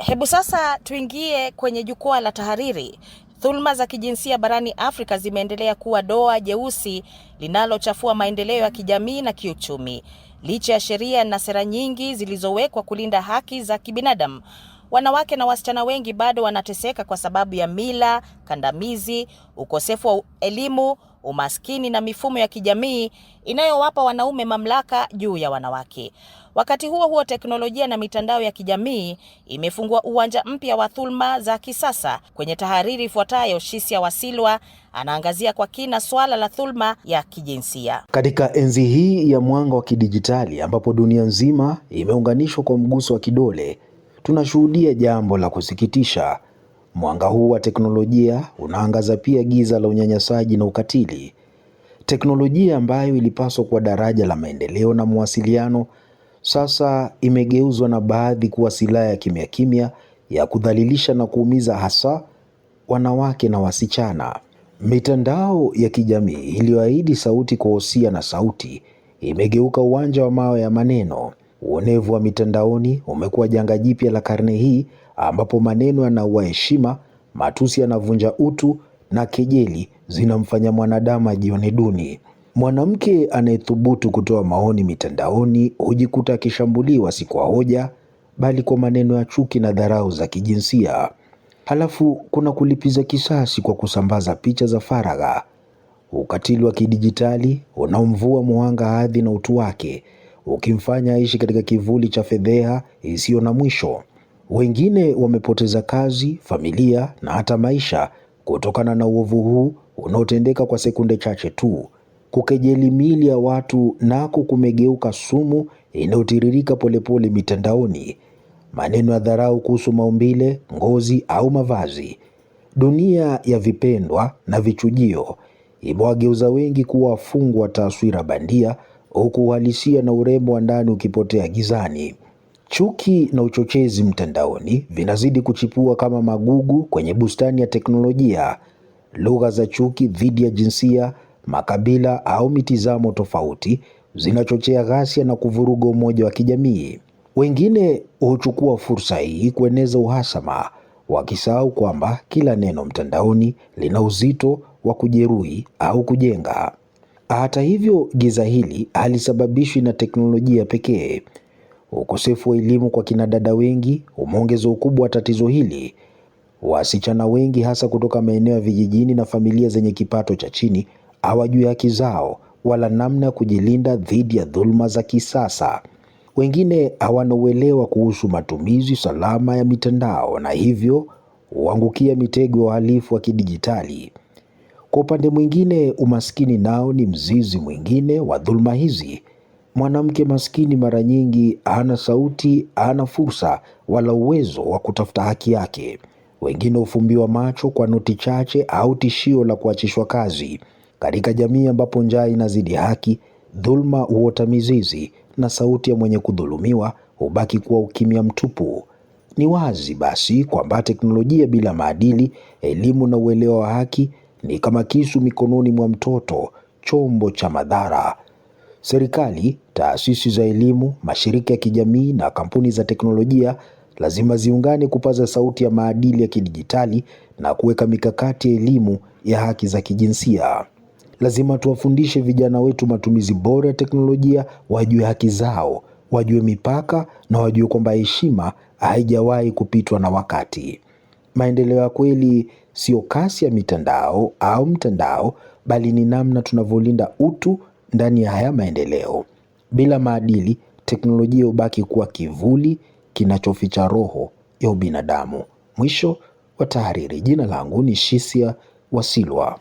Hebu sasa tuingie kwenye jukwaa la tahariri. Dhuluma za kijinsia barani Afrika zimeendelea kuwa doa jeusi linalochafua maendeleo ya kijamii na kiuchumi, licha ya sheria na sera nyingi zilizowekwa kulinda haki za kibinadamu wanawake na wasichana wengi bado wanateseka kwa sababu ya mila kandamizi, ukosefu wa elimu, umaskini na mifumo ya kijamii inayowapa wanaume mamlaka juu ya wanawake. Wakati huo huo, teknolojia na mitandao ya kijamii imefungua uwanja mpya wa thulma za kisasa. Kwenye tahariri ifuatayo, Shisia Wasilwa anaangazia kwa kina swala la thulma ya kijinsia katika enzi hii ya mwanga wa kidijitali, ambapo dunia nzima imeunganishwa kwa mguso wa kidole tunashuhudia jambo la kusikitisha. Mwanga huu wa teknolojia unaangaza pia giza la unyanyasaji na ukatili. Teknolojia ambayo ilipaswa kuwa daraja la maendeleo na mawasiliano, sasa imegeuzwa na baadhi kuwa silaha ya kimya kimya ya kudhalilisha na kuumiza, hasa wanawake na wasichana. Mitandao ya kijamii iliyoahidi sauti kwa hosia na sauti imegeuka uwanja wa mawe ya maneno. Uonevu wa mitandaoni umekuwa janga jipya la karne hii ambapo maneno yanaua heshima, matusi yanavunja utu na kejeli zinamfanya mwanadamu ajione duni. Mwanamke anayethubutu kutoa maoni mitandaoni hujikuta akishambuliwa si kwa hoja, bali kwa maneno ya chuki na dharau za kijinsia. Halafu kuna kulipiza kisasi kwa kusambaza picha za faragha, ukatili wa kidijitali unaomvua mwanga hadhi na utu wake ukimfanya aishi katika kivuli cha fedheha isiyo na mwisho. Wengine wamepoteza kazi, familia na hata maisha kutokana na uovu huu unaotendeka kwa sekunde chache tu. Kukejeli miili ya watu nako kumegeuka sumu inayotiririka polepole mitandaoni. Maneno ya dharau kuhusu maumbile, ngozi au mavazi. Dunia ya vipendwa na vichujio imewageuza wengi kuwa wafungwa taswira bandia huku uhalisia na urembo wa ndani ukipotea gizani. Chuki na uchochezi mtandaoni vinazidi kuchipua kama magugu kwenye bustani ya teknolojia. Lugha za chuki dhidi ya jinsia, makabila au mitizamo tofauti zinachochea ghasia na kuvuruga umoja wa kijamii. Wengine huchukua fursa hii kueneza uhasama, wakisahau kwamba kila neno mtandaoni lina uzito wa kujeruhi au kujenga. Hata hivyo, giza hili halisababishwi na teknolojia pekee. Ukosefu wa elimu kwa kina dada wengi umeongeza ukubwa wa tatizo hili. Wasichana wengi hasa kutoka maeneo ya vijijini na familia zenye kipato cha chini hawajui haki zao wala namna ya kujilinda dhidi ya dhuluma za kisasa. Wengine hawana uelewa kuhusu matumizi salama ya mitandao na hivyo huangukia mitego ya uhalifu wa kidijitali. Kwa upande mwingine, umaskini nao ni mzizi mwingine wa dhuluma hizi. Mwanamke maskini mara nyingi hana sauti, hana fursa wala uwezo wa kutafuta haki yake. Wengine hufumbiwa macho kwa noti chache au tishio la kuachishwa kazi. Katika jamii ambapo njaa inazidi haki, dhuluma huota mizizi na sauti ya mwenye kudhulumiwa hubaki kuwa ukimya mtupu. Ni wazi basi kwamba teknolojia bila maadili, elimu na uelewa wa haki ni kama kisu mikononi mwa mtoto, chombo cha madhara. Serikali, taasisi za elimu, mashirika ya kijamii na kampuni za teknolojia lazima ziungane kupaza sauti ya maadili ya kidijitali na kuweka mikakati ya elimu ya haki za kijinsia. Lazima tuwafundishe vijana wetu matumizi bora ya teknolojia, wajue haki zao, wajue mipaka na wajue kwamba heshima haijawahi kupitwa na wakati. Maendeleo ya kweli sio kasi ya mitandao au mtandao, bali ni namna tunavyolinda utu ndani ya haya maendeleo. Bila maadili, teknolojia hubaki kuwa kivuli kinachoficha roho ya ubinadamu. Mwisho wa tahariri. Jina langu ni Shisia Wasilwa.